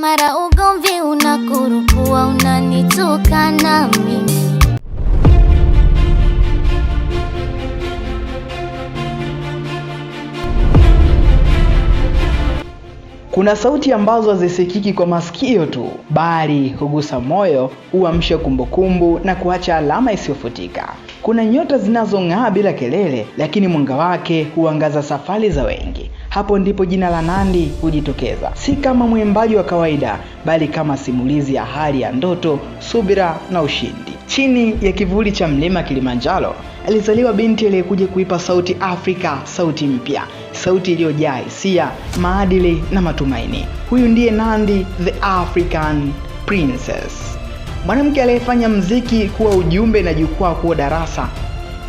Mara ugomvi unakurukua, unanitukana mimi. Kuna sauti ambazo hazisikiki kwa masikio tu, bali hugusa moyo, huamsha kumbukumbu na kuacha alama isiyofutika. Kuna nyota zinazong'aa bila kelele, lakini mwanga wake huangaza safari za wengi hapo ndipo jina la Nandi hujitokeza, si kama mwimbaji wa kawaida, bali kama simulizi ya hali ya ndoto, subira na ushindi. Chini ya kivuli cha mlima Kilimanjaro alizaliwa binti aliyekuja kuipa sauti Afrika sauti mpya, sauti iliyojaa hisia, maadili na matumaini. Huyu ndiye Nandi, the African Princess, mwanamke aliyefanya mziki kuwa ujumbe na jukwaa kuwa darasa.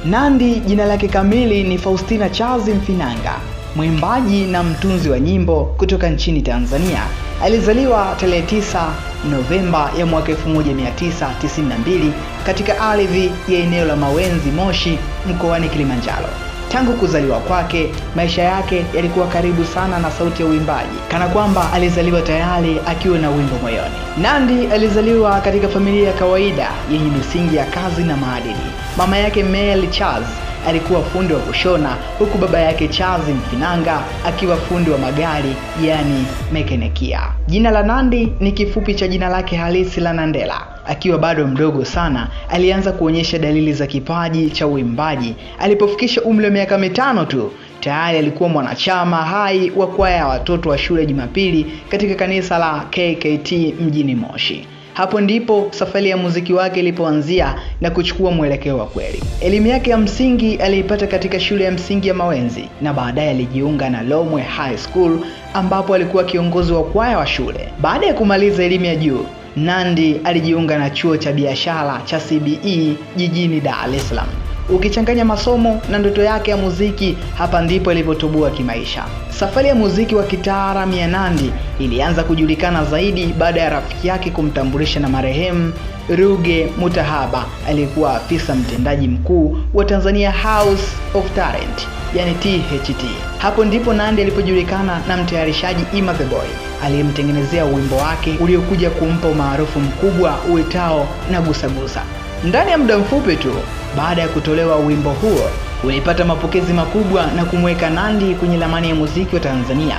Nandi jina lake kamili ni Faustina Charles Mfinanga mwimbaji na mtunzi wa nyimbo kutoka nchini Tanzania. Alizaliwa tarehe 9 Novemba ya mwaka 1992 katika ardhi ya eneo la Mawenzi Moshi mkoani Kilimanjaro. Tangu kuzaliwa kwake, maisha yake yalikuwa karibu sana na sauti ya uimbaji, kana kwamba alizaliwa tayari akiwa na wimbo moyoni. Nandy alizaliwa katika familia ya kawaida yenye misingi ya kazi na maadili. Mama yake mel Charles alikuwa fundi wa kushona, huku baba yake Charles Mfinanga akiwa fundi wa magari, yani mekenekia. Jina la Nandi ni kifupi cha jina lake halisi la Nandela. Akiwa bado mdogo sana alianza kuonyesha dalili za kipaji cha uimbaji. Alipofikisha umri wa miaka mitano tu tayari alikuwa mwanachama hai wa kwaya ya watoto wa shule Jumapili katika kanisa la KKT mjini Moshi. Hapo ndipo safari ya muziki wake ilipoanzia na kuchukua mwelekeo wa kweli. Elimu yake ya msingi aliipata katika shule ya msingi ya Mawenzi na baadaye alijiunga na Lomwe High School ambapo alikuwa kiongozi wa kwaya wa shule. Baada ya kumaliza elimu ya juu, nandi alijiunga na chuo cha biashara cha CBE jijini Dar es Salaam ukichanganya masomo na ndoto yake ya muziki, hapa ndipo ilipotubua kimaisha. Safari ya muziki wa kitaalam ya Nandy ilianza kujulikana zaidi baada ya rafiki yake kumtambulisha na marehemu Ruge Mutahaba aliyekuwa afisa mtendaji mkuu wa Tanzania House of Talent, yani THT. Hapo ndipo Nandy alipojulikana na mtayarishaji Ima The Boy aliyemtengenezea wimbo wake uliokuja kumpa umaarufu mkubwa uitao na gusagusa. Ndani ya muda mfupi tu baada ya kutolewa wimbo huo ulipata mapokezi makubwa na kumweka Nandy kwenye ramani ya muziki wa Tanzania.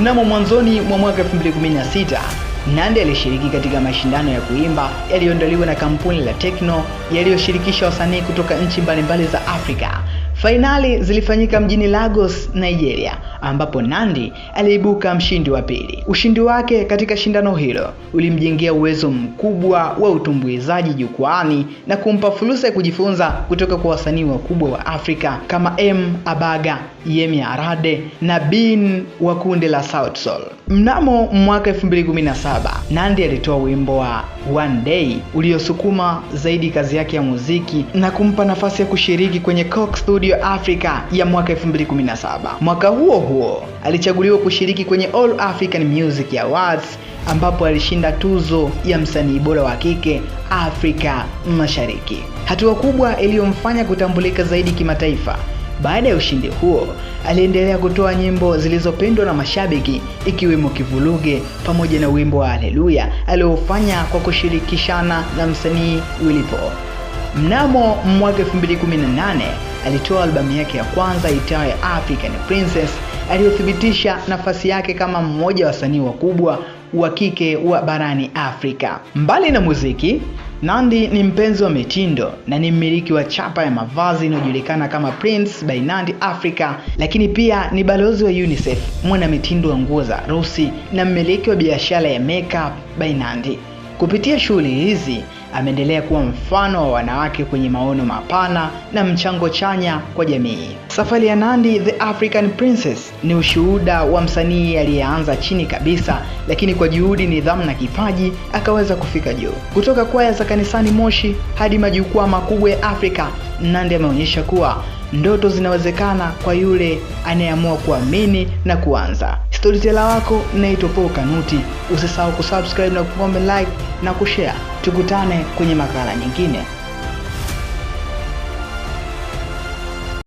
Mnamo mwanzoni mwa mwaka 2016, Nandy alishiriki katika mashindano ya kuimba yaliyoandaliwa na kampuni la Tekno yaliyoshirikisha wasanii kutoka nchi mbalimbali za Afrika Fainali zilifanyika mjini Lagos, Nigeria, ambapo Nandi aliibuka mshindi wa pili. Ushindi wake katika shindano hilo ulimjengea uwezo mkubwa wa utumbuizaji jukwaani na kumpa fursa ya kujifunza kutoka kwa wasanii wakubwa wa Afrika kama M Abaga, Yemi Arade na Bin wa kundi la south Mnamo mwaka 2017, Nandi alitoa wimbo wa One Day uliosukuma zaidi kazi yake ya muziki na kumpa nafasi ya kushiriki kwenye Coke Studio ya Afrika ya mwaka 2017. Mwaka huo huo alichaguliwa kushiriki kwenye All African Music Awards ambapo alishinda tuzo ya msanii bora wa kike Afrika Mashariki, hatua kubwa iliyomfanya kutambulika zaidi kimataifa. Baada ya ushindi huo, aliendelea kutoa nyimbo zilizopendwa na mashabiki ikiwemo Kivuluge pamoja na wimbo wa Haleluya aliofanya kwa kushirikishana na msanii Willy Paul. Mnamo mwaka 2018 alitoa albamu yake ya kwanza itayo African Princess aliyothibitisha nafasi yake kama mmoja wa wasanii wakubwa wa kike wa barani Afrika. Mbali na muziki, Nandy ni mpenzi wa mitindo na ni mmiliki wa chapa ya mavazi inayojulikana kama Prince by Nandy Africa, lakini pia ni balozi wa UNICEF, mwana mitindo wa nguo za harusi na mmiliki wa biashara ya makeup by Nandy. Kupitia shughuli hizi ameendelea kuwa mfano wa wanawake kwenye maono mapana na mchango chanya kwa jamii. Safari ya nandi the African Princess ni ushuhuda wa msanii aliyeanza chini kabisa, lakini kwa juhudi, nidhamu na kipaji akaweza kufika juu. Kutoka kwaya za kanisani Moshi hadi majukwaa makubwa ya Afrika, nandi ameonyesha kuwa ndoto zinawezekana kwa yule anayeamua kuamini na kuanza. Storyteller wako naitwa Paul Kanuti. Usisahau kusubscribe na kucomment like na kushare. Tukutane kwenye makala nyingine.